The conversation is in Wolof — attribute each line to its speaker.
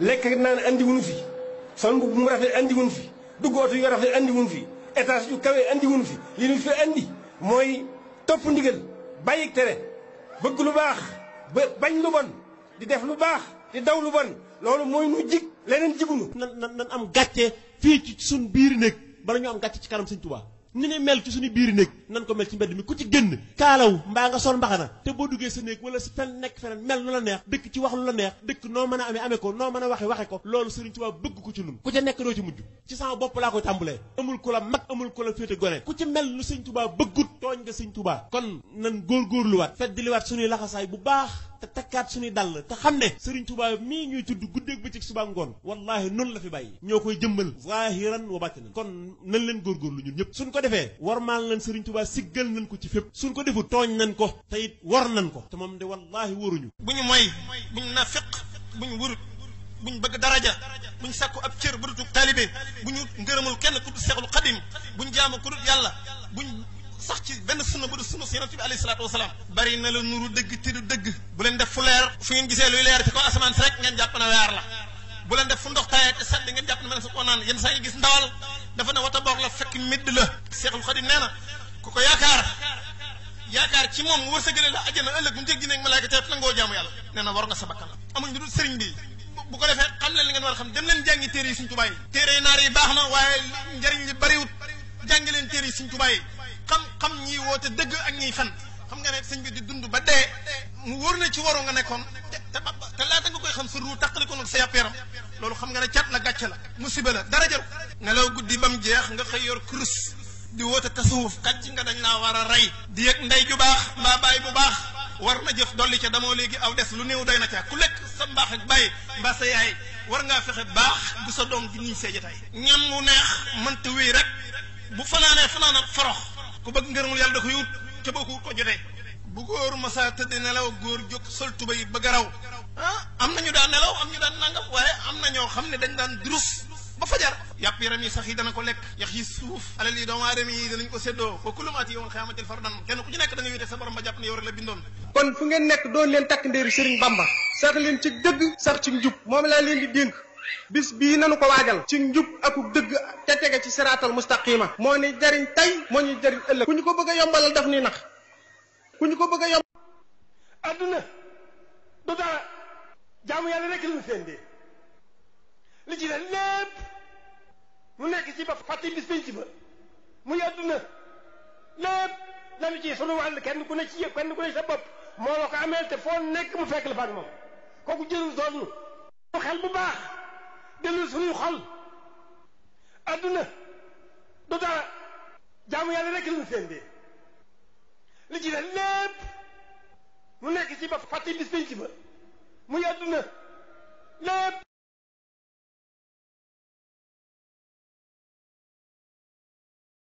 Speaker 1: lekk naan andi wuñu fi sol mbubb mu rafet andi wuñu fi dugg oto yu rafet andi wuñu fi étage yu kawe andi wuñu fi li ñu fi andi mooy topp ndigal bàyyi tere bëgg lu baax ba bañ lu bon di def lu baax di daw lu bon
Speaker 2: loolu mooy nu jig leneen jigunu nan nan am gàcce fii ci suñ biir néeg bala ñu am gàcce ci kanam Sëñ Tuubaa ni ne mel ci suñu biir néeg nan ko mel ci mbedd mi ku ci génn kaalaw mbaa nga sol mbaxana te boo duggee sa néeg wala si fen nekk feneen mel lu la neex dëkk ci wax lu la neex dëkk noo mën a amee amee ko noo mën a waxe waxe ko loolu Sëriñ Tuubaa bëgg ko ci nun ku ca nekk doo ci mujj ci sama bopp laa ko tàmbulee amul ku la mag amul ku la féete gone ku ci mel lu Sëriñ Tuubaa bëggut tooñ nga Sëriñ tubaa kon nan fet feddiliwaat suñuy laxasaay bu baax te takkaat suñuy dàll te xam ne Serigne Touba mii ñuy tudd guddeeg bëccëg suba ngoon wallaahi noonu la fi bàyyi ñoo koy jëmmal zahiran wa batinan kon nañ leen góorgóorlu ñun ñëpp suñ ko defee war maa warmaal nañ Serigne Touba siggal nañ ko ci fépp suñ ko defu tooñ nañ ko te it war nañ ko te moom de wallaahi waruñu bu ñu moy bu ñu nafiq bu ñu wurut
Speaker 3: bu ñu bëgg daraja bu ñu sàkku ab cër bu dutu taalibe bu ñu ngërëmul kenn ku dul Seexul Xadim bu ñu jaamu ku sax ci benn sunna bu du sunna si yonent bi alayhi salaatu wasalaam bari na la nuru dëgg te du dëgg bu leen def fu leer fu ngeen gisee luy leer ci kaw asamaan si rek ngeen jàpp na weer la bu leen def fu ndox tawee te sedd ngeen jàpp na mel su ko naan yenn saa ngi gis ndawal dafa ne wata boog la fekk midd la Seexul Xadim nee na ku ko yaakaar yaakaar ci moom wërsëgale la àjjana ëllëg bu ñu jéggi nekk malaaka teet nangoo jaamu yàlla nee war sa bakkan amuñ lu dul sëriñ bi bu ko defee xam leen war xam dem leen woote dëgg ak ñii fan xam nga ne sëñ bi di dund ba dee mu wóor na ci waru nga nekkoon te te laata nga koy xam sa ruu taqali ko nag sa yàpp yaram loolu xam nga ne cat la gàcce la musiba la dara jaru nelaw guddi ba jeex nga xëy yor kurus di woote tasawuf kàcc nga dañ laa war a rey di yëg ndey ju baax mbaa baay bu baax war na jëf dolli ca damoo léegi aw des lu néew day na ca ku lekk sa mbaax ak bàyyi mbaa sa yaay war ngaa fexe baax bu sa doom di ñuy see jotaay ñam mu neex mënta wéy rek bu fanaanee fanaanal forox ku bëgg ngërëmul yàlla da koy wut ca ko ko jotee bu góor masa tëdd nelaw góor jóg sol tubay ba garaw ah am nañu daan nelaw am ñu daan nangam waaye am na ñoo xam ne dañ daan durus ba fajar yàpp yaram yi sax yi dana ko lekk yax yi suuf alal yi doomu aadama yi danañ ko séddoo ko kulumaati yowmal xiyaamatil fardan kenn ku ci nekk da nga wute sa borom ba jàpp ne yow rek la bindoon
Speaker 4: kon fu ngeen nekk doon leen takk ndéeru Sëriñ Bamba bis bii nanu ko waajal ci njub ak dëgg te tege ci siraatal mustaqima moo ni jariñ tey moo ñuy jariñ ëllëg ku ñu ko bëgg a yombalal daf ni nax ku ñu ko bëgg a
Speaker 1: yomb adduna yàlla rek la seen dee li ci des lépp mu nekk ci ba fàtte bis penc ba muy adduna lépp lanu ci sunu wàll kenn ku ne ci yëpp kenn moo la ko ameel te foo nekk mu fekk la fa moom kooku jëru doon nu xel bu baax dellul suñu xol adduna du dara jaamu yàlla rekk lañu seen li ci def lépp mu nekk ci ba fàtte bis pénc ba muy adduna lépp